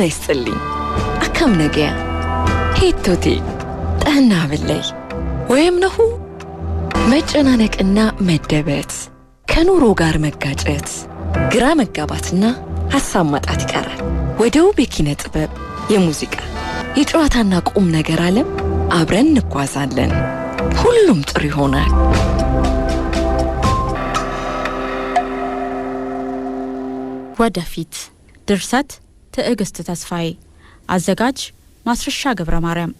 ጤና ይስጥልኝ። አካም ነገያ ሂቶቴ ጠና ብለይ ወይም ነሁ መጨናነቅና መደበት ከኑሮ ጋር መጋጨት ግራ መጋባትና ሀሳብ ማጣት ይቀራል። ወደ ውብ የኪነ ጥበብ፣ የሙዚቃ፣ የጨዋታና ቁም ነገር ዓለም አብረን እንጓዛለን። ሁሉም ጥሩ ይሆናል። ወደፊት ድርሰት ትዕግስት ተስፋዬ፣ አዘጋጅ ማስረሻ ገብረ ማርያም፣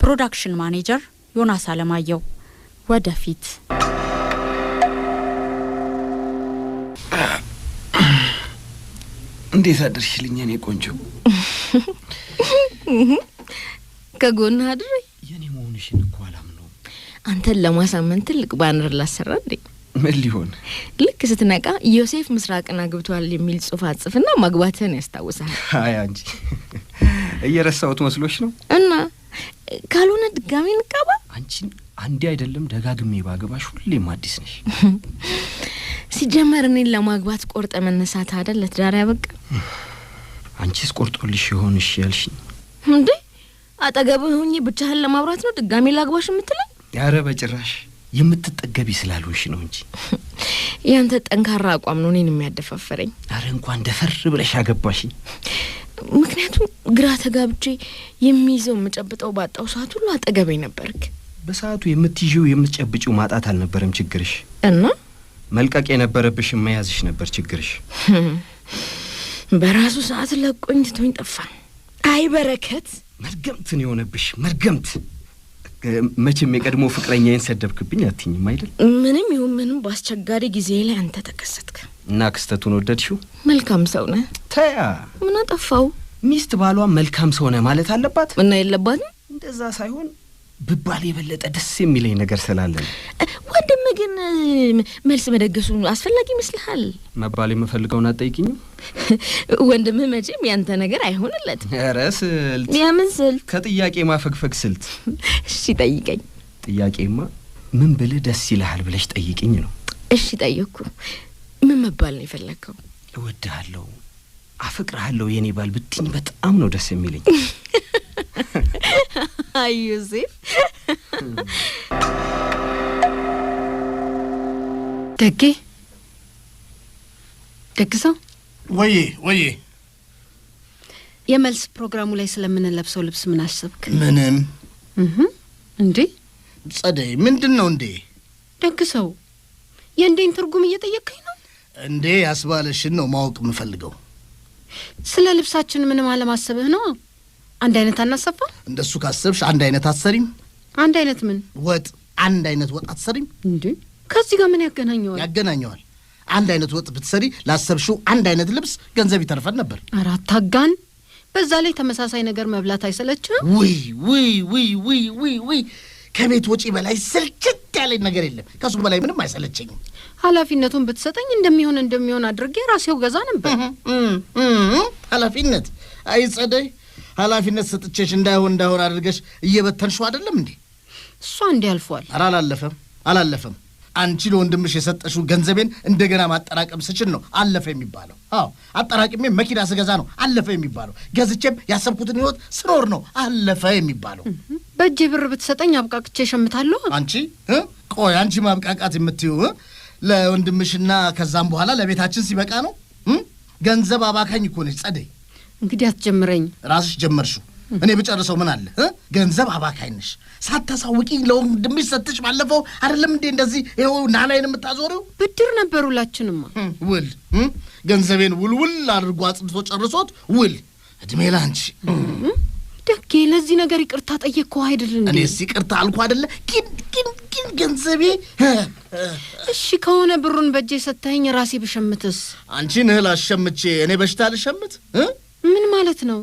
ፕሮዳክሽን ማኔጀር ዮናስ አለማየሁ። ወደፊት እንዴት አድርሽልኝ እኔ ቆንጆ? ከጎና አድረኝ። የኔ መሆንሽን እኮ አላምነው። አንተን ለማሳመን ትልቅ ባነር ላሰራ እንዴ? ምን ሊሆን ልክ ስትነቃ ዮሴፍ ምስራቅን አግብቷል የሚል ጽሁፍ አጽፍና ማግባትህን ያስታውሳል። አያ እንጂ እየረሳሁት መስሎች ነው። እና ካልሆነ ድጋሜ እንቃባ። አንቺን አንዴ አይደለም ደጋግሜ ባገባሽ ሁሌም አዲስ ነሽ። ሲጀመር እኔን ለማግባት ቆርጠ መነሳት አደል ለትዳር ያበቃ። አንቺስ ቆርጦልሽ ይሆን? እሺ ያልሽኝ እንዴ? አጠገብህ ሁኜ ብቻህን ለማብራት ነው ድጋሜ ላግባሽ የምትለኝ? ያረ በጭራሽ የምትጠገቢ ስላልሆንሽ ነው እንጂ ያንተ ጠንካራ አቋም ነው እኔን የሚያደፋፈረኝ። አረ እንኳን ደፈር ብለሽ አገባሽኝ። ምክንያቱም ግራ ተጋብቼ የሚይዘው የምጨብጠው ባጣው ሰዓት ሁሉ አጠገበኝ ነበርክ። በሰዓቱ የምትይዥው የምትጨብጭው ማጣት አልነበረም ችግርሽ፣ እና መልቀቅ የነበረብሽ መያዝሽ ነበር ችግርሽ። በራሱ ሰዓት ለቆኝ ትቶኝ ጠፋ። አይ በረከት፣ መርገምትን የሆነብሽ መርገምት መቼም የቀድሞ ፍቅረኛዬን ሰደብክብኝ አትኝም አይደል? ምንም ይሁን ምንም በአስቸጋሪ ጊዜ ላይ አንተ ተከሰትክ እና ክስተቱን ወደድሽው። መልካም ሰው ነህ። ተያ ምን አጠፋው? ሚስት ባሏ መልካም ሰው ነህ ማለት አለባት እና የለባትም። እንደዛ ሳይሆን ብባል የበለጠ ደስ የሚለኝ ነገር ስላለ ወንድም ግን መልስ መደገሱ አስፈላጊ ይመስልሃል? መባል የምፈልገውን አትጠይቅኝም? ወንድም መቼም ያንተ ነገር አይሆንለት። ኧረ ስልት፣ የምን ስልት? ከጥያቄ ማፈግፈግ ስልት። እሺ ጠይቀኝ። ጥያቄማ ምን ብልህ ደስ ይልሃል ብለሽ ጠይቅኝ ነው። እሺ ጠየቅኩ። ምን መባል ነው የፈለግከው? እወድሃለሁ፣ አፈቅርሃለሁ የኔ ባል ብትኝ በጣም ነው ደስ የሚለኝ። I use it. ደጌ ደግ ሰው ወይ ወይ የመልስ ፕሮግራሙ ላይ ስለምንለብሰው ልብስ ምን አሰብክ? ምንም እንዴ ጸደይ፣ ምንድን ነው እንዴ? ደግሰው? የእንዴን ትርጉም እየጠየቅከኝ ነው እንዴ? ያስባለሽን ነው ማወቅ የምፈልገው። ስለ ልብሳችን ምንም አለማሰብህ ነው። አንድ አይነት አናሰፋ። እንደሱ ካሰብሽ አንድ አይነት አትሰሪም። አንድ አይነት ምን ወጥ? አንድ አይነት ወጥ አትሰሪም እንዴ? ከዚህ ጋር ምን ያገናኘዋል? ያገናኘዋል። አንድ አይነት ወጥ ብትሰሪ ላሰብሽው አንድ አይነት ልብስ ገንዘብ ይተርፈን ነበር። አራት አጋን በዛ ላይ ተመሳሳይ ነገር መብላት አይሰለችም? ውይ ውይ ውይ ውይ ውይ ውይ ከቤት ወጪ በላይ ስልችት ያለኝ ነገር የለም። ከሱ በላይ ምንም አይሰለቸኝም። ኃላፊነቱን ብትሰጠኝ እንደሚሆን እንደሚሆን አድርጌ ራሴው ገዛ ነበር። ኃላፊነት አይጸደይ ኃላፊነት ሰጥቼሽ እንዳይሆን እንዳይሆን አድርገሽ እየበተንሽው አይደለም እንዴ? እሷ እንዲህ አልፏል። ኧረ አላለፈም፣ አላለፈም። አንቺ ለወንድምሽ የሰጠሽው ገንዘቤን እንደገና ማጠራቀም ስችል ነው አለፈ የሚባለው። አዎ አጠራቅሜ መኪና ስገዛ ነው አለፈ የሚባለው። ገዝቼም ያሰብኩትን ህይወት ስኖር ነው አለፈ የሚባለው። በእጅ ብር ብትሰጠኝ አብቃቅቼ እሸምታለሁ። አንቺ ቆይ፣ አንቺ ማብቃቃት የምትዩ ለወንድምሽና ከዛም በኋላ ለቤታችን ሲበቃ ነው። ገንዘብ አባካኝ እኮ ነች ጸደይ። እንግዲህ አትጀምረኝ። ራስሽ ጀመርሽው። እኔ ብጨርሰው ምን አለ? ገንዘብ አባካኝ ነሽ። ሳታሳውቂኝ ለወንድምሽ ሰጥሽ። ባለፈው አይደለም እንዴ እንደዚህ ይኸው ናላይን የምታዞሪው? ብድር ነበር ሁላችንማ። ውል ገንዘቤን ውልውል አድርጎ አጽድቶ ጨርሶት ውል። እድሜ ላንቺ ደጌ። ለዚህ ነገር ይቅርታ ጠየቅኩ አይደል እንዴ? እኔስ ይቅርታ አልኩ አይደለ? ግን ግን ግን ገንዘቤ እሺ ከሆነ ብሩን በእጄ ሰታኸኝ ራሴ ብሸምትስ? አንቺን እህል አሸምቼ እኔ በሽታ ልሸምት? ምን ማለት ነው?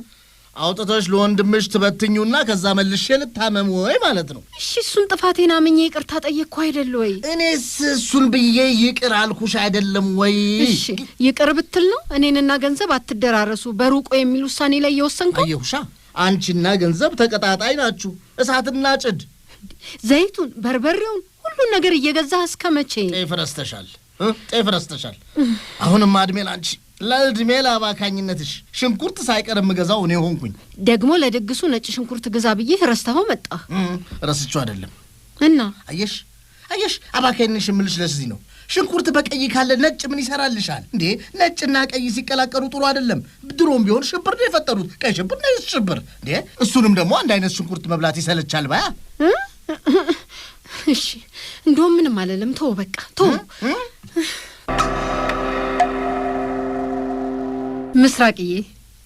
አውጥተሽ ለወንድምሽ ትበትኙና ከዛ መልሼ ልታመም ወይ ማለት ነው። እሺ እሱን ጥፋቴን አምኜ ይቅርታ ጠየቅኩ አይደል ወይ? እኔስ እሱን ብዬ ይቅር አልኩሽ አይደለም ወይ? እሺ ይቅር ብትል ነው እኔንና ገንዘብ አትደራረሱ በሩቆ የሚል ውሳኔ ላይ እየወሰንከው? አየሁሻ፣ አንቺና ገንዘብ ተቀጣጣይ ናችሁ። እሳትና ጭድ፣ ዘይቱን፣ በርበሬውን፣ ሁሉን ነገር እየገዛ እስከ መቼ? ጤፍ ረስተሻል፣ ጤፍ ረስተሻል። አሁንማ ለዕድሜ ለአባካኝነትሽ ሽንኩርት ሳይቀር የምገዛው እኔ ሆንኩኝ። ደግሞ ለድግሱ ነጭ ሽንኩርት ግዛ ብዬ ረስተኸው መጣ። ረስቼው አይደለም እና አየሽ፣ አየሽ አባካኝነሽ የምልሽ ለስዚህ ነው። ሽንኩርት በቀይ ካለ ነጭ ምን ይሰራልሻል እንዴ? ነጭና ቀይ ሲቀላቀሉ ጥሩ አይደለም። ድሮም ቢሆን ሽብር ነው የፈጠሩት። ቀይ ሽብር፣ ነጭ ሽብር እንዴ! እሱንም ደግሞ አንድ አይነት ሽንኩርት መብላት ይሰለቻል። ባያ እሺ፣ እንደውም ምንም አለለም። ተው በቃ ተው። ምስራቅዬ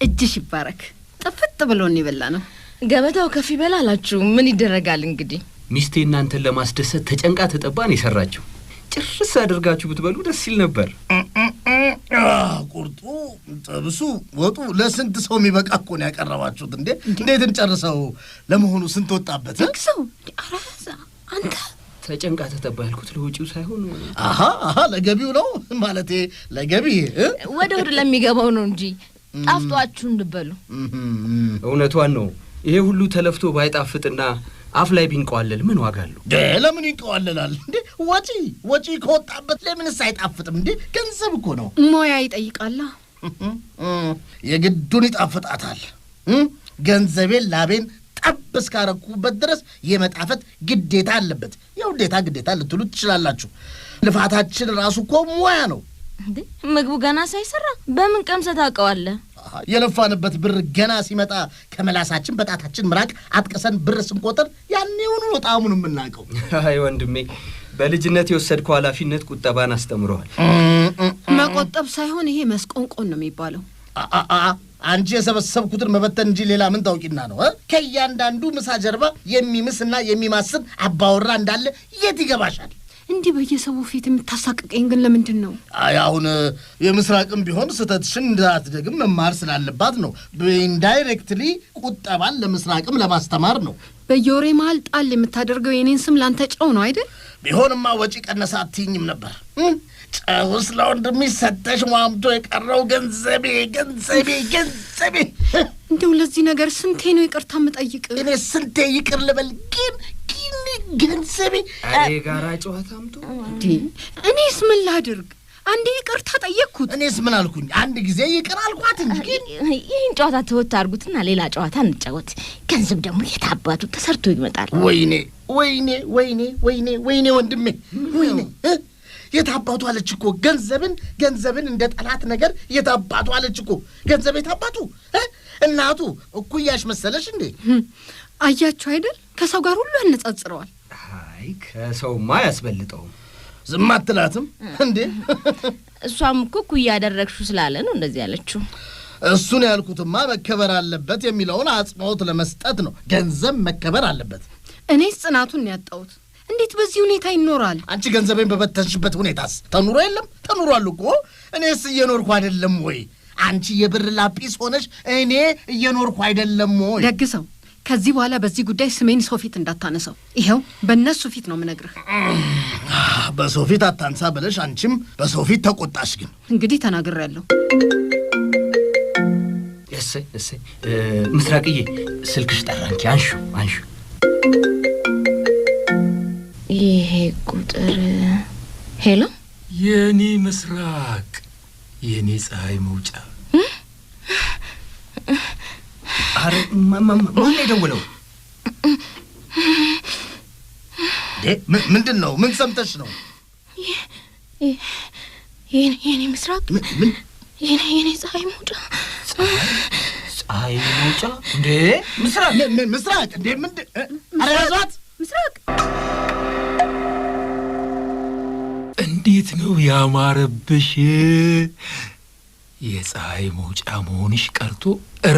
እጅሽ ይባረክ። ጥፍጥ ብሎን ይበላ ነው። ገበታው ከፍ ይበል አላችሁ። ምን ይደረጋል እንግዲህ። ሚስቴ እናንተን ለማስደሰት ተጨንቃ ተጠባን የሰራችሁ። ጭርስ አድርጋችሁ ብትበሉ ደስ ይል ነበር። ቁርጡ፣ ጥብሱ፣ ወጡ ለስንት ሰው የሚበቃ እኮ ነው ያቀረባችሁት። እንዴ እንዴት እንጨርሰው? ለመሆኑ ስንት ወጣበት? ሰው አንተ ተጨንቃ ተተባልኩት ያልኩት ለውጪው ሳይሆን አሀ አሀ ለገቢው ነው ማለት ለገቢ ወደ ሆድ ለሚገባው ነው እንጂ ጣፍጧችሁ እንድበሉ። እውነቷን ነው። ይሄ ሁሉ ተለፍቶ ባይጣፍጥና አፍ ላይ ቢንቀዋለል ምን ዋጋ አለው? ለምን ይንቀዋለላል እንዴ? ወጪ ወጪ ከወጣበት ለምንስ አይጣፍጥም እንዴ? ገንዘብ እኮ ነው። ሞያ ይጠይቃላ። የግዱን ይጣፍጣታል። ገንዘቤን ላቤን ጠብ እስካረኩበት ድረስ የመጣፈት ግዴታ አለበት። የውዴታ ግዴታ ልትሉ ትችላላችሁ። ልፋታችን ራሱ እኮ ሙያ ነው። ምግቡ ገና ሳይሰራ በምን ቀምሰህ ታውቀዋለህ? የለፋንበት ብር ገና ሲመጣ ከመላሳችን በጣታችን ምራቅ አጥቀሰን ብር ስንቆጥር ያኔውኑ ጣዕሙን የምናውቀው። አይ ወንድሜ፣ በልጅነት የወሰድከው ኃላፊነት ቁጠባን አስተምረዋል። መቆጠብ ሳይሆን ይሄ መስቆንቆን ነው የሚባለው። አንቺ የሰበሰብኩትን መበተን እንጂ ሌላ ምን ታውቂና ነው? ከእያንዳንዱ ምሳ ጀርባ የሚምስና የሚማስብ አባወራ እንዳለ የት ይገባሻል? እንዲህ በየሰቡ ፊት የምታሳቅቀኝ ግን ለምንድን ነው? አይ አሁን የምስራቅም ቢሆን ስህተትሽን እንዳትደግም መማር ስላለባት ነው። ኢንዳይሬክትሊ ቁጠባን ለምስራቅም ለማስተማር ነው። በየወሬ መሀል ጣል የምታደርገው የኔን ስም ላንተ ጨው ነው አይደል? ቢሆንማ ወጪ ቀነሳ አትይኝም ነበር። ጨው ስለ ወንድሜ ሰጠሽ ሟምቶ የቀረው ገንዘቤ ገንዘቤ ገንዘቤ። እንደው ለዚህ ነገር ስንቴ ነው ይቅርታ የምጠይቅ? እኔ ስንቴ ይቅር ልበል? ግን ግን ገንዘቤ እኔ ጋራ ጨዋታ አምቶ እንዴ! እኔስ ምን ላድርግ? አንዴ ይቅርታ ጠየቅኩት። እኔስ ምን አልኩኝ? አንድ ጊዜ ይቅር አልኳት እንጂ። ግን ይህን ጨዋታ ተወት አድርጉትና ሌላ ጨዋታ እንጫወት። ገንዘብ ደግሞ የታባቱ ተሰርቶ ይመጣል? ወይኔ ወይኔ ወይኔ ወይኔ ወይኔ ወንድሜ ወይኔ የታባቱ አለች እኮ ገንዘብን ገንዘብን እንደ ጠላት ነገር የታባቱ አለች እኮ ገንዘብ የታባቱ እናቱ እኩያሽ መሰለሽ እንዴ? አያቸው አይደል? ከሰው ጋር ሁሉ ያነጻጽረዋል። አይ ከሰውማ ያስበልጠውም ዝም አትላትም እንዴ? እሷም እኮ እኩያ ያደረግሽው ስላለ ነው እንደዚህ ያለችው። እሱን ያልኩትማ መከበር አለበት የሚለውን አጽንኦት ለመስጠት ነው። ገንዘብ መከበር አለበት። እኔስ ጽናቱን ያጣሁት እንዴት በዚህ ሁኔታ ይኖራል? አንቺ ገንዘቤን በበተንሽበት ሁኔታስ ተኑሮ የለም? ተኑሯል እኮ እኔስ እየኖርኩ አይደለም ወይ? አንቺ የብር ላጲስ ሆነሽ እኔ እየኖርኩ አይደለም ወይ? ደግሰው፣ ከዚህ በኋላ በዚህ ጉዳይ ስሜን ሰው ፊት እንዳታነሰው። ይኸው በእነሱ ፊት ነው የምነግርህ። በሰው ፊት አታንሳ ብለሽ አንቺም በሰው ፊት ተቆጣሽ። ግን እንግዲህ ተናግሬያለሁ። እሰይ እሰይ፣ ምስራቅዬ ስልክሽ ጠራንኪ። አንሹ አንሹ ቁጥር ሄሎ፣ የኔ ምስራቅ፣ የኔ ፀሐይ መውጫ። አረ ማን የደውለው? ምንድን ነው? ምን ሰምተሽ ነው? የኔ ምስራቅ፣ የኔ ፀሐይ መውጫ ፀሐይ መውጫ እንዴ! ምስራቅ ምስራቅ እንዴ! ምንድን ምስራቅ ምስራቅ እንዴት ነው ያማረብሽ! የፀሐይ መውጫ መሆንሽ ቀርቶ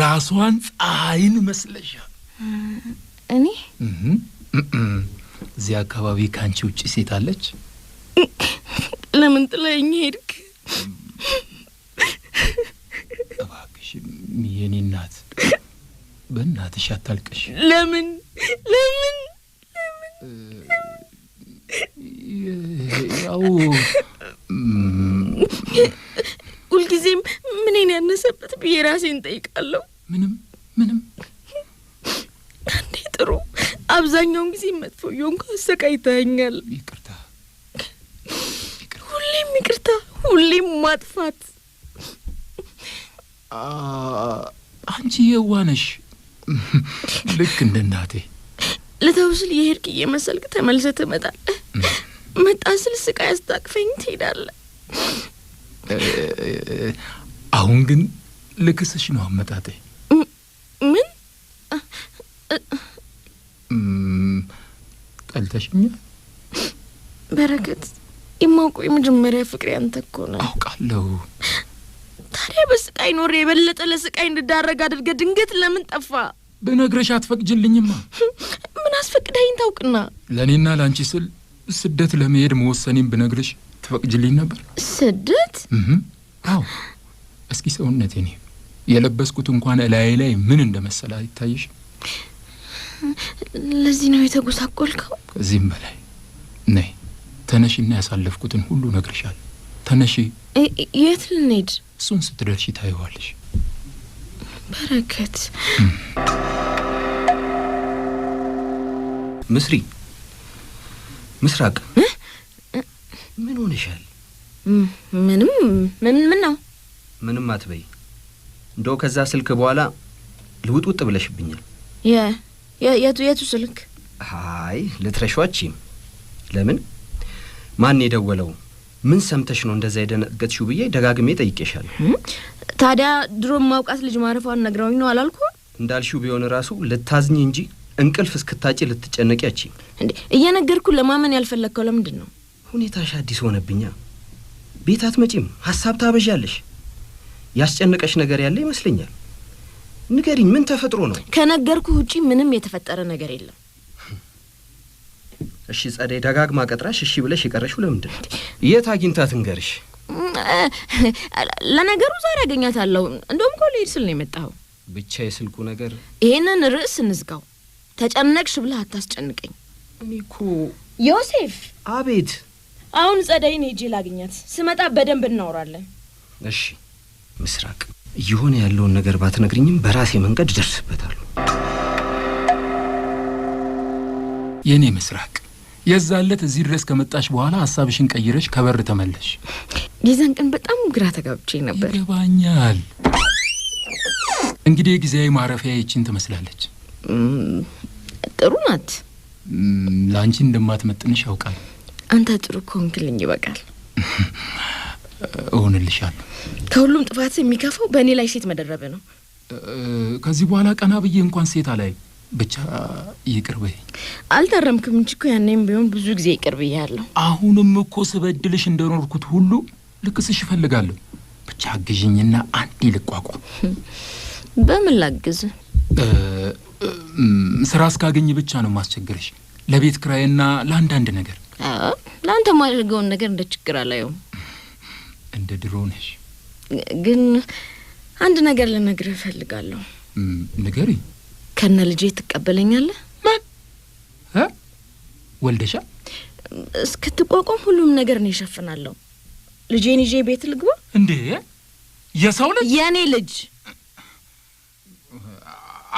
ራሷን ፀሐይን መስለሻል። እኔ እዚህ አካባቢ ከአንቺ ውጭ ሴት አለች? ለምን ጥለኝ ሄድክ? እባክሽ የኔ እናት በእናትሽ አታልቅሽ። ለምን ለምን ለምን ያው ሁልጊዜም ምንን ያነሰበት ብዬ ራሴን ጠይቃለሁ። ምንም ምንም አንዴ ጥሩ፣ አብዛኛውን ጊዜ መጥፎ እየሆንኩ አሰቃይተኸኛል። ይቅርታ፣ ሁሌም ይቅርታ፣ ሁሌም ማጥፋት። አንቺ የዋነሽ ልክ እንደ እናቴ ለተውስል የሄድክ እየመሰልክ ተመልሰ ትመጣለህ። መጣ ስል ስቃይ አስታቅፈኝ ትሄዳለህ። አሁን ግን ልክስሽ ነው አመጣጤ። ምን ጠልተሽኛል? በረከት የማውቀው የመጀመሪያ ፍቅሬ አንተ እኮ አውቃለሁ። ታዲያ በስቃይ ኖሬ የበለጠ ለስቃይ እንድዳረግ አድርገ ድንገት ለምን ጠፋ? ብነግረሽ አትፈቅጅልኝማ። ምን አስፈቅዳኝ ታውቅና? ለእኔና ለአንቺ ስል ስደት ለመሄድ መወሰኔን ብነግርሽ ትፈቅጅልኝ ነበር? ስደት? አዎ። እስኪ ሰውነት እኔ የለበስኩት እንኳን እላዬ ላይ ምን እንደመሰለ አይታይሽ? ለዚህ ነው የተጎሳቆልከው? ከዚህም በላይ ነይ፣ ተነሽና ያሳለፍኩትን ሁሉ ነግርሻል ተነሺ። የት ልንሄድ? እሱን ስትደርሺ ታየዋለሽ። በረከት ምስሪ ምስራቅ። ምን ሆንሻል? ምንም ምን ምን ነው? ምንም አትበይ። እንደው ከዛ ስልክ በኋላ ልውጥውጥ ብለሽብኛል። የቱ የቱ ስልክ? አይ ልትረሿችም። ለምን ማን የደወለው? ምን ሰምተሽ ነው እንደዛ የደነገጥሽው? ብዬ ደጋግሜ ጠይቄሻለሁ። ታዲያ ድሮም ማውቃት ልጅ ማረፏን ነግረውኝ ነው አላልኩ? እንዳልሽው ቢሆን ራሱ ልታዝኝ እንጂ እንቅልፍ እስክታጭ ልትጨነቅ ያቺ እንዴ! እየነገርኩ ለማመን ያልፈለግከው ለምንድን ነው? ሁኔታሽ አዲስ ሆነብኛ። ቤት አትመጪም፣ ሀሳብ ታበዣለሽ። ያስጨነቀሽ ነገር ያለ ይመስለኛል። ንገሪኝ፣ ምን ተፈጥሮ ነው? ከነገርኩ ውጪ ምንም የተፈጠረ ነገር የለም። እሺ ጸደይ፣ ደጋግማ ቀጥራሽ እሺ ብለሽ የቀረሽው ለምንድን ነው? የት አግኝታት እንገርሽ? ለነገሩ ዛሬ አገኛታለሁ። እንደውም ኮሌጅ ስል ነው የመጣኸው። ብቻ የስልኩ ነገር። ይሄንን ርዕስ እንዝጋው። ተጨነቅሽ ብለህ አታስጨንቀኝ። እኔ ዮሴፍ። አቤት። አሁን ጸደይን ሄጄ ላግኛት፣ ስመጣ በደንብ እናወራለን። እሺ። ምስራቅ እየሆነ ያለውን ነገር ባትነግርኝም በራሴ መንገድ ደርስበታለሁ። የእኔ ምስራቅ የዛለት እዚህ ድረስ ከመጣሽ በኋላ ሀሳብሽን ቀይረሽ ከበር ተመለሽ። የዛን ቀን በጣም ግራ ተጋብቼ ነበር። ይገባኛል። እንግዲህ ጊዜያዊ ማረፊያ ይችን ትመስላለች። ጥሩ ናት። ለአንቺ እንደማትመጥንሽ ያውቃል። አንተ ጥሩ ከሆንክልኝ ይበቃል። እሆንልሻለሁ። ከሁሉም ጥፋት የሚከፋው በእኔ ላይ ሴት መደረብ ነው። ከዚህ በኋላ ቀና ብዬ እንኳን ሴት አላይ። ብቻ ይቅር በይ። አልታረምክም እንጂ እኮ ያኔም ቢሆን ብዙ ጊዜ ይቅር ብያለሁ። አሁንም እኮ ስበድልሽ እንደኖርኩት ሁሉ ልክስሽ እፈልጋለሁ። ብቻ አግዥኝና አንዴ ልቋቋም። በምን ላግዝ? ስራ እስካገኝ ብቻ ነው ማስቸግርሽ፣ ለቤት ክራይና ለአንዳንድ ነገር። ለአንተ ማድርገውን ነገር እንደ ችግር አላየውም። እንደ ድሮ ነሽ። ግን አንድ ነገር ልነግርህ እፈልጋለሁ። ንገሪ። ከነ ልጄ ትቀበለኛለህ? ማን ወልደሻ? እስክትቋቋም ሁሉም ነገር ነው ይሸፍናለሁ። ልጄን ይዤ ቤት ልግባ እንዴ? የሰው ልጅ የእኔ ልጅ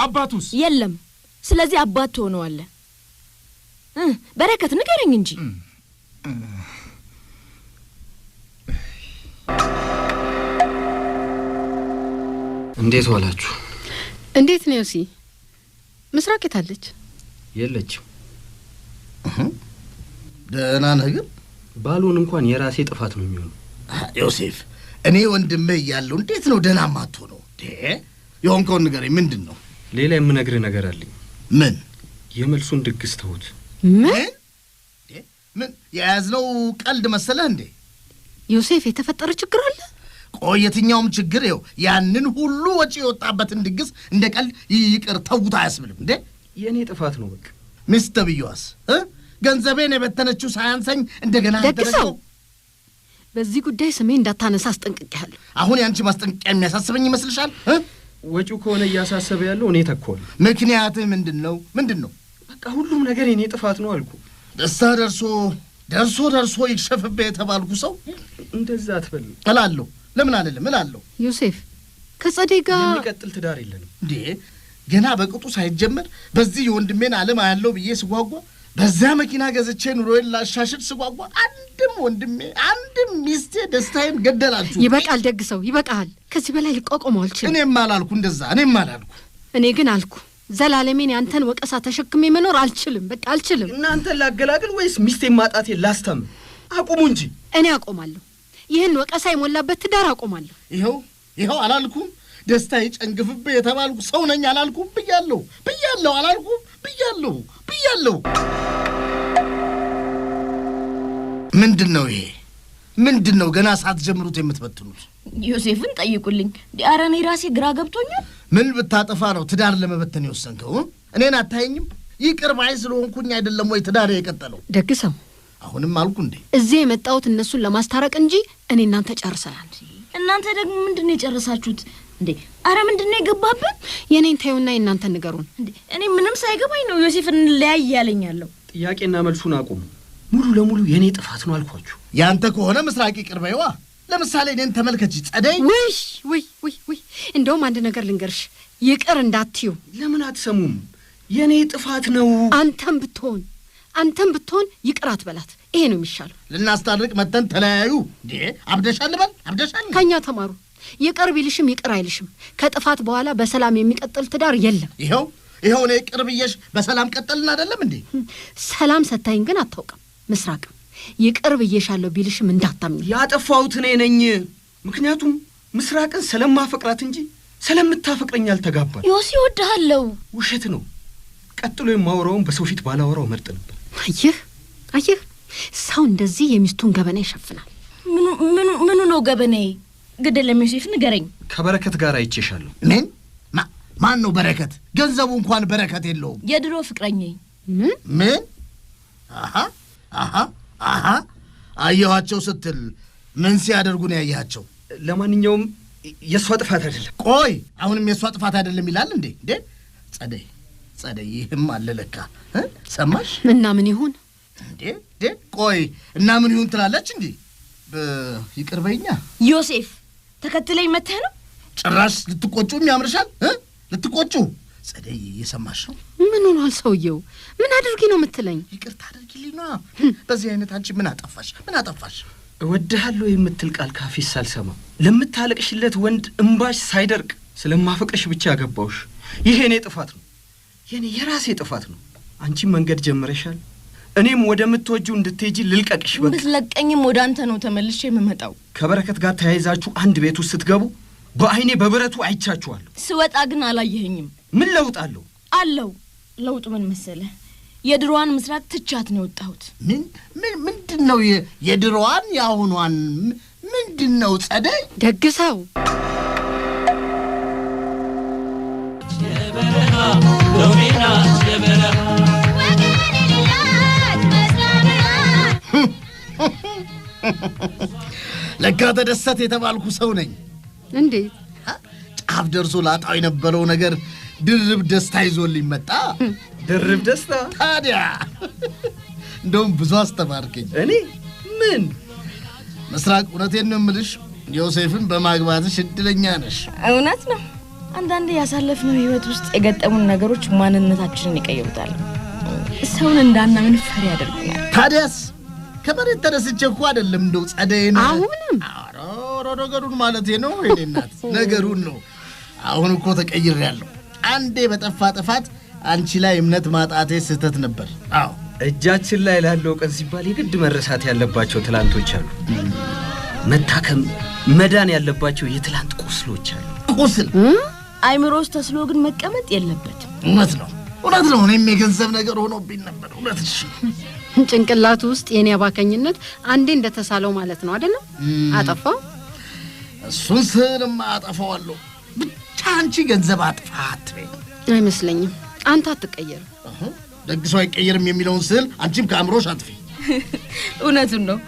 አባቱስ? የለም ስለዚህ አባት ትሆነዋለህ። በረከት ንገረኝ እንጂ እንዴት ዋላችሁ? እንዴት ነው ሲ ምስራቅ የታለች? የለችም። ደህና ነህ ግን ባልሆን እንኳን የራሴ ጥፋት ነው የሚሆኑ። ዮሴፍ፣ እኔ ወንድሜ እያለሁ እንዴት ነው ደህና ማትሆነው? የሆንከውን ንገረኝ። ምንድን ነው? ሌላ የምነግርህ ነገር አለኝ። ምን? የመልሱን ድግስ ተውት። ምን ምን የያዝነው ቀልድ መሰለህ እንዴ? ዮሴፍ የተፈጠረ ችግር አለ። ቆይ የትኛውም ችግር ይኸው ያንን ሁሉ ወጪ የወጣበትን ድግስ እንደ ቀልድ ይቅር ተውት አያስብልም እንዴ? የእኔ ጥፋት ነው በቃ። ሚስት ተብዬዋስ ገንዘቤን የበተነችው ሳያንሰኝ እንደገና ደግሰው በዚህ ጉዳይ ስሜ እንዳታነሳ አስጠንቅቄያለሁ። አሁን የአንቺ ማስጠንቀቂያ የሚያሳስበኝ ይመስልሻል? ወጪው ከሆነ እያሳሰበ ያለው እኔ ተኮል። ምክንያትህ ምንድን ነው? ምንድን ነው? በቃ ሁሉም ነገር የኔ ጥፋት ነው አልኩ። ደስታ ደርሶ ደርሶ ደርሶ ይሸፍበ የተባልኩ ሰው እንደዛ ትበል እላለሁ። ለምን አልልም እላለሁ። ዮሴፍ ከጸደይ ጋር የሚቀጥል ትዳር የለንም እንዴ? ገና በቅጡ ሳይጀመር በዚህ የወንድሜን አለም አያለው ብዬ ስጓጓ በዚያ መኪና ገዝቼ ኑሮዬን ላሻሽል ስጓጓ አንድም ወንድሜ አንድም ሚስቴ ደስታዬን ገደላችሁ። ይበቃል፣ ደግ ሰው ይበቃል። ከዚህ በላይ ልቋቋመው አልችል። እኔም አላልኩ እንደዛ፣ እኔም አላልኩ። እኔ ግን አልኩ ዘላለሜን ያንተን ወቀሳ ተሸክሜ መኖር አልችልም። በቃ አልችልም። እናንተን ላገላግል ወይስ ሚስቴን ማጣቴን ላስተም? አቁሙ እንጂ። እኔ አቆማለሁ። ይህን ወቀሳ የሞላበት ትዳር አቆማለሁ። ይኸው ይኸው አላልኩም ደስታ ይጨንግፍብህ የተባልኩ ሰው ነኝ አላልኩም? ብያለሁ ብያለሁ አላልኩም? ብያለሁ ብያለሁ። ምንድን ነው ይሄ? ምንድን ነው ገና ሳትጀምሩት የምትበትኑት? ዮሴፍን ጠይቁልኝ። ኧረ እኔ ራሴ ግራ ገብቶኛል። ምን ብታጠፋ ነው ትዳር ለመበተን የወሰንከው? እኔን አታየኝም? ይቅር ባይ ስለሆንኩኝ አይደለም ወይ ትዳር የቀጠለው? ደግ ሰው አሁንም አልኩ እንዴ እዚህ የመጣሁት እነሱን ለማስታረቅ እንጂ እኔ እናንተ ጨርሰናል። እናንተ ደግሞ ምንድን ነው የጨረሳችሁት? እንዴ አረ ምንድን ነው የገባብን? የእኔን ታዩና የእናንተ ንገሩን። እኔ ምንም ሳይገባኝ ነው ዮሴፍ እንለያይ ያለኝ ያለው። ጥያቄና መልሱን አቁሙ። ሙሉ ለሙሉ የእኔ ጥፋት ነው አልኳችሁ። ያንተ ከሆነ ምስራቅ ይቅር በይዋ። ለምሳሌ እኔን ተመልከች ጸደይ። ውይ ውይ ውይ ውይ! እንደውም አንድ ነገር ልንገርሽ፣ ይቅር እንዳትዩ። ለምን አትሰሙም? የእኔ ጥፋት ነው። አንተም ብትሆን አንተም ብትሆን ይቅር አትበላት። ይሄ ነው የሚሻለው። ልናስታርቅ መተን ተለያዩ። እንዴ አብደሻል በል አብደሻል። ከእኛ ተማሩ ይቅር ቢልሽም ይቅር አይልሽም። ከጥፋት በኋላ በሰላም የሚቀጥል ትዳር የለም። ይኸው ይኸው እኔ ቅር ብዬሽ በሰላም ቀጠልን አይደለም እንዴ? ሰላም ሰታይን ግን አታውቅም። ምስራቅም ይቅር ብዬሻለሁ ቢልሽም እንዳታምኝ። ያጠፋሁት እኔ ነኝ። ምክንያቱም ምስራቅን ስለማፈቅራት እንጂ ስለምታፈቅረኝ አልተጋባል። ዮሲ እወድሃለሁ። ውሸት ነው። ቀጥሎ የማወራውን በሰው ፊት ባላወራው መርጥ ነበር። አየህ አየህ፣ ሰው እንደዚህ የሚስቱን ገበና ይሸፍናል። ምኑ ምኑ ነው ገበናዬ? ግድለም ዮሴፍ ንገረኝ። ከበረከት ጋር አይቼሻለሁ። ምን? ማን ነው በረከት? ገንዘቡ እንኳን በረከት የለውም። የድሮ ፍቅረኛ። ምን? አሀ አሀ አየኋቸው ስትል ምን ሲያደርጉ ነው ያየሃቸው? ለማንኛውም የእሷ ጥፋት አይደለም። ቆይ አሁንም የእሷ ጥፋት አይደለም ይላል እንዴ? እንዴ ጸደይ፣ ጸደይ ይህም አለለካ ሰማሽ? እና ምን ይሁን እንዴ? ቆይ እና ምን ይሁን ትላለች እንዴ? ይቅርበኛ ዮሴፍ ተከትለኝ መተህ ነው። ጭራሽ ልትቆጩም ያምርሻል። ልትቆጩ ጸደይ፣ እየሰማሽ ነው? ምን ሆኗል ሰውየው? ምን አድርጊ ነው የምትለኝ? ይቅርታ አድርጊልኝ ነዋ። በዚህ አይነት አንቺ ምን አጠፋሽ? ምን አጠፋሽ? እወድሃለሁ የምትል ቃል ካፊስ ሳልሰማ ለምታለቅሽለት ወንድ እምባሽ ሳይደርቅ ስለማፈቅርሽ ብቻ ያገባውሽ። ይህ እኔ ጥፋት ነው፣ የኔ የራሴ ጥፋት ነው። አንቺ መንገድ ጀምረሻል፣ እኔም ወደ ምትወጂው እንድትሄጂ ልልቀቅሽ። በቃ ብትለቀኝም ወደ አንተ ነው ተመልሼ የምመጣው። ከበረከት ጋር ተያይዛችሁ አንድ ቤት ውስጥ ስትገቡ በአይኔ በብረቱ አይቻችኋለሁ። ስወጣ ግን አላየኸኝም። ምን ለውጥ አለው? አለው። ለውጡ ምን መሰለ? የድሮዋን ምስራቅ ትቻት ነው የወጣሁት። ምን ምን ምንድን ነው የድሮዋን? የአሁኗን ምንድን ነው? ጸደይ ደግሰው ለካ ተደሰት የተባልኩ ሰው ነኝ። እንዴ ጫፍ ደርሶ ላጣው የነበረው ነገር ድርብ ደስታ ይዞልኝ መጣ። ድርብ ደስታ ታዲያ! እንደውም ብዙ አስተማርከኝ። እኔ ምን ምስራቅ፣ እውነቴን ነው የምልሽ፣ ዮሴፍን በማግባትሽ እድለኛ ነሽ። እውነት ነው። አንዳንዴ ያሳለፍነው ህይወት ውስጥ የገጠሙን ነገሮች ማንነታችንን ይቀይሩታል። ሰውን እንዳናምን ፈሪ ያደርጉናል። ታዲያስ ከመሬት ተነስቼ እኮ አይደለም እንደው ጸደይን አሁንም ኧረ ነገሩን ማለቴ ነው። የእኔ እናት ነገሩን ነው። አሁን እኮ ተቀይሬያለሁ። አንዴ በጠፋ ጥፋት አንቺ ላይ እምነት ማጣቴ ስህተት ነበር። አዎ እጃችን ላይ ላለው ቀን ሲባል የግድ መረሳት ያለባቸው ትላንቶች አሉ። መታከም መዳን ያለባቸው የትላንት ቁስሎች አሉ። ቁስል አይምሮ ውስጥ ተስሎ ግን መቀመጥ የለበትም። እውነት ነው፣ እውነት ነው። እኔም የገንዘብ ነገር ሆኖብኝ ነበር። እውነት ጭንቅላቱ ውስጥ የኔ አባከኝነት አንዴ እንደተሳለው ማለት ነው አይደለም? አጠፋው። እሱን ስልማ አጠፋዋለሁ። ብቻ አንቺ ገንዘብ አጥፋ አትበይ። አይመስለኝም። አንተ አትቀየርም። ደግ ሰው አይቀየርም የሚለውን ስል አንቺም ከአእምሮሽ አጥፊ። እውነቱን ነው።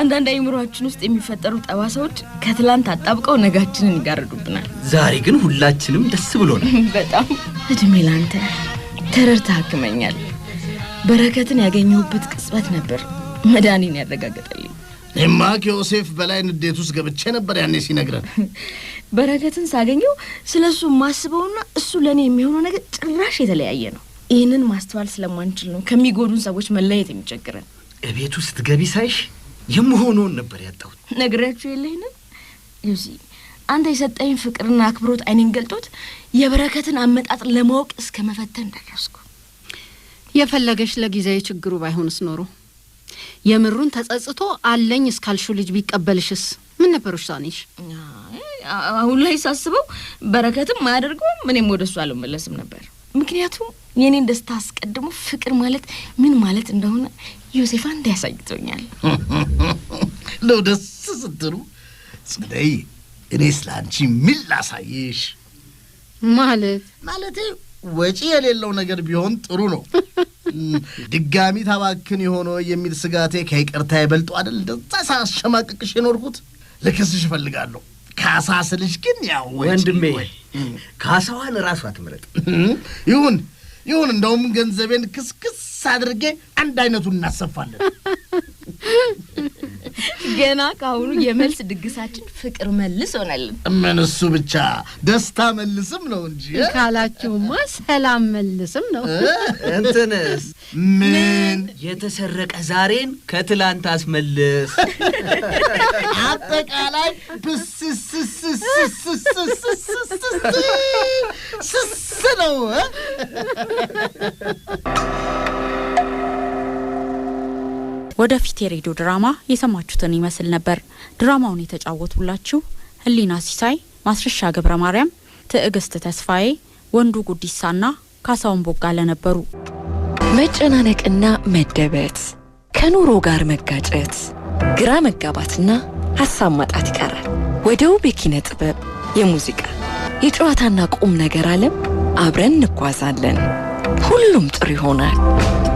አንዳንድ አእምሮአችን ውስጥ የሚፈጠሩ ጠባሳዎች ከትላንት አጣብቀው ነጋችንን ይጋርዱብናል። ዛሬ ግን ሁላችንም ደስ ብሎናል። በጣም እድሜ ላንተ። ተረድተህ አክመኛል። በረከትን ያገኘሁበት ቅጽበት ነበር መዳኔን ያረጋገጠልኝ። እማ ከዮሴፍ በላይ ንዴት ውስጥ ገብቼ ነበር ያኔ ሲነግረን። በረከትን ሳገኘው ስለ እሱ ማስበውና እሱ ለእኔ የሚሆነው ነገር ጭራሽ የተለያየ ነው። ይህንን ማስተዋል ስለማንችል ነው ከሚጎዱን ሰዎች መለየት የሚቸግረን። እቤት ውስጥ ገቢ ሳይሽ የምሆነውን ነበር ያጣሁት። ነግሬያችሁ የለ ዩዚ አንተ የሰጠኝ ፍቅርና አክብሮት አይኔን ገልጦት የበረከትን አመጣጥ ለማወቅ እስከ መፈተን ደረስኩ። የፈለገሽ ለጊዜ ችግሩ ባይሆንስ ኖሮ የምሩን ተጸጽቶ አለኝ እስካልሹ ልጅ ቢቀበልሽስ ምን ነበር ውሳኔሽ? አሁን ላይ ሳስበው በረከትም አያደርገውም፣ እኔም ወደ እሱ አልመለስም ነበር። ምክንያቱም የእኔን ደስታ አስቀድሞ ፍቅር ማለት ምን ማለት እንደሆነ ዮሴፋ እንዳያሳይቶኛል ነው። ደስ ስትሉ ጽደይ፣ እኔ ስለ አንቺ ምን ላሳይሽ? ማለት ማለት ወጪ የሌለው ነገር ቢሆን ጥሩ ነው። ድጋሚ ታባክን የሆነ የሚል ስጋቴ ከይቅርታ ይበልጡ አይደል? እንደዛ ሳሸማቅቅሽ የኖርኩት ልክስሽ እፈልጋለሁ። ካሳ ስልሽ ግን ያው ወንድሜ ካሳዋን ራሷ ትምረጥ። ይሁን ይሁን፣ እንደውም ገንዘቤን ክስክስ አድርጌ አንድ አይነቱን እናሰፋለን። ገና ከአሁኑ የመልስ ድግሳችን ፍቅር መልስ ሆናለን። ምን እሱ ብቻ ደስታ መልስም ነው እንጂ ካላችሁማ ሰላም መልስም ነው። እንትንስ ምን የተሰረቀ ዛሬን ከትላንት አስመልስ። አጠቃላይ ብስስስስስስስስስስ ነው። የምሽት የሬዲዮ ድራማ የሰማችሁትን ይመስል ነበር። ድራማውን የተጫወቱላችሁ ህሊና ሲሳይ፣ ማስረሻ ገብረ ማርያም፣ ትዕግስት ተስፋዬ፣ ወንዱ ጉዲሳና ካሳውን ቦጋለ ነበሩ። መጨናነቅና መደበት ከኑሮ ጋር መጋጨት፣ ግራ መጋባትና ሀሳብ ማጣት ይቀራል። ወደ ውብ የኪነ ጥበብ የሙዚቃ የጨዋታና ቁም ነገር አለም አብረን እንጓዛለን። ሁሉም ጥሩ ይሆናል።